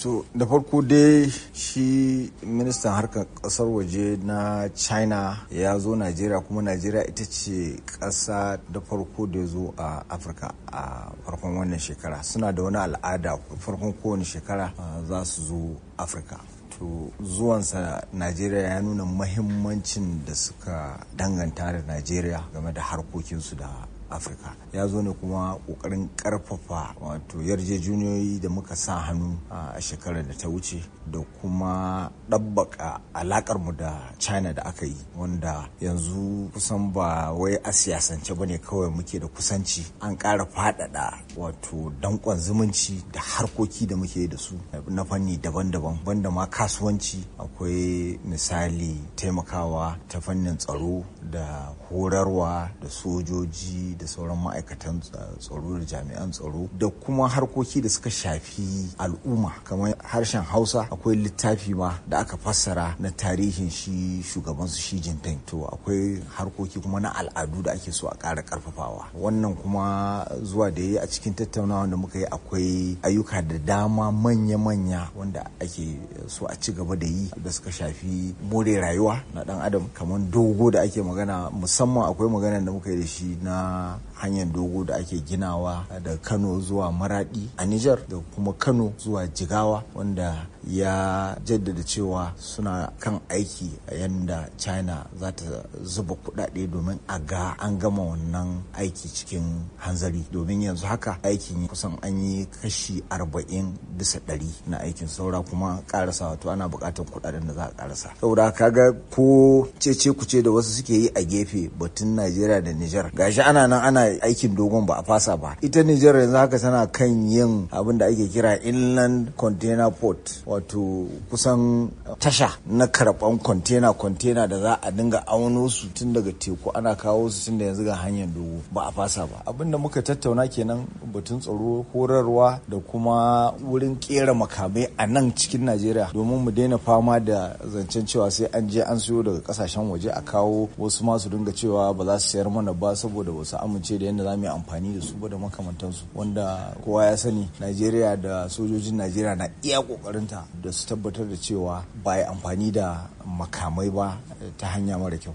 to da farko dai shi ministan harkar kasar waje na china ya zo najeriya kuma najeriya ita ce kasa da farko da ya zo a afirka a farkon wannan shekara suna da wani al'ada farkon kowane shekara za su zo afirka to zuwansa najeriya ya nuna mahimmancin da suka danganta da najeriya game da harkokinsu da afirka ya zo ne kuma kokarin karfafa wato yarjejuniyoyi da muka sa hannu a shekarar da ta wuce da kuma ɗabbaka alakar mu da china da aka yi wanda yanzu kusan ba wai a siyasance ba ne kawai muke da kusanci an ƙara faɗaɗa wato danƙon zumunci da harkoki da muke da su na fanni daban-daban banda ma kasuwanci akwai misali taimakawa ta fannin tsaro da horarwa da sojoji da sauran ma'aikatan eh, tsaro da jami'an tsaro da kuma harkoki da suka shafi al'umma kamar harshen hausa akwai littafi ma da aka fassara na tarihin shi shugaban su shi jinping to akwai harkoki kuma na al'adu da ake so a ƙara karfafawa wannan kuma zuwa da yayi yi a cikin tattaunawa da muka yi akwai ayyuka da dama manya-manya wanda ake so a ci gaba da yi da suka shafi more rayuwa na dan adam kamar dogo da ake magana musamman akwai magana da muka yi da shi na hanyar dogo da ake ginawa da kano zuwa maradi a Nijar, da kuma kano zuwa jigawa wanda ya jaddada cewa suna kan aiki a yadda china za ta zuba kudade domin a ga an gama wannan aiki cikin hanzari domin yanzu haka aikin kusan an yi kashi 40 bisa ɗari na aikin saura kuma karasa wato ana bukatar kudaden da za a karasa saboda kaga ko cece kuce da wasu suke yi a gefe batun najeriya da niger gashi ana nan nan ana aikin dogon ba a fasa ba ita Nijar yanzu haka tana kan yin abin da ake kira inland container port wato kusan tasha na karban container container da za a dinga auno su tun daga teku ana kawo su tun da yanzu ga hanyar dogo ba a fasa ba abin da muka tattauna kenan batun tsaro horarwa da kuma wurin kera makamai a nan cikin Najeriya domin mu daina fama da zancen cewa sai an je an siyo daga kasashen waje a kawo wasu masu dinga cewa ba za su sayar mana ba saboda wasu amince da yadda za mu yi amfani da su ba da makamantansu wanda kowa ya sani najeriya da sojojin najeriya na iya kokarinta da su tabbatar da cewa ba amfani da makamai ba ta hanya mara kyau